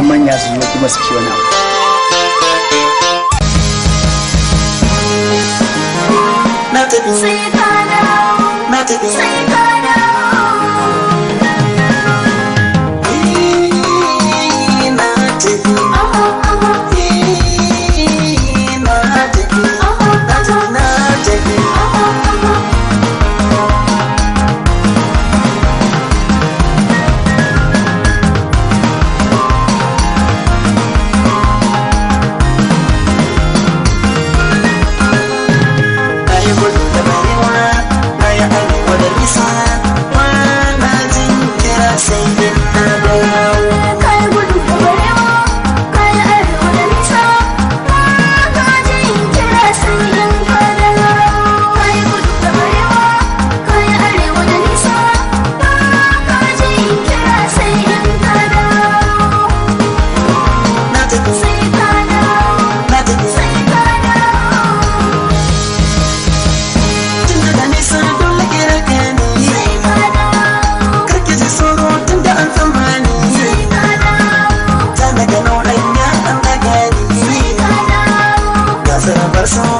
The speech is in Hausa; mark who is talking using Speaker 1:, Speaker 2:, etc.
Speaker 1: kafin manya su zo kuma su ci wani abu na tafi sai persona